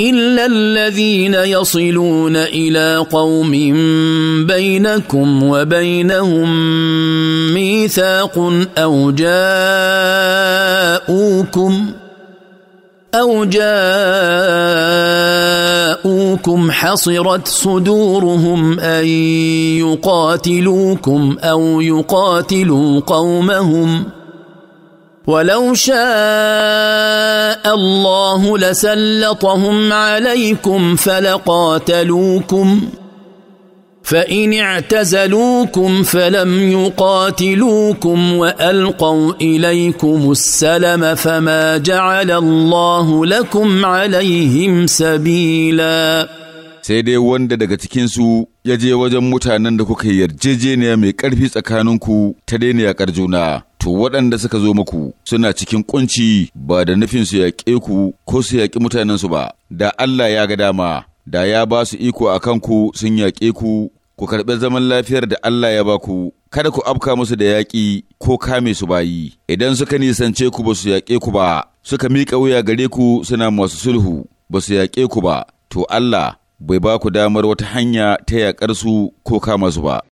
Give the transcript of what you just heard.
الا الذين يصلون الى قوم بينكم وبينهم ميثاق او جاءوكم او جاءوكم حصرت صدورهم ان يقاتلوكم او يقاتلوا قومهم ولو شاء الله لسلطهم عليكم فلقاتلوكم فان اعتزلوكم فلم يقاتلوكم والقوا اليكم السلم فما جعل الله لكم عليهم سبيلا sai dai wanda daga cikinsu ya je wajen mutanen da kuka yarjejeniya mai ƙarfi tsakaninku ta daina yaƙar juna to waɗanda suka zo muku suna cikin kunci ba da nufin su yaƙe ku ko su yaƙi mutanensu ba, da Allah ya ga dama, da ya ba su iko a kanku sun yaƙe ku, ku karɓi zaman lafiyar da Allah ya ba ku, kada ku afka musu da yaƙi ko kame su bayi, idan suka nisance ku ba su yaƙe ku ba, suka miƙa wuya gare ku suna masu sulhu, ba su yaƙe ku ba, to Allah bai ba ku damar wata hanya ta yaƙar su ko kama su ba.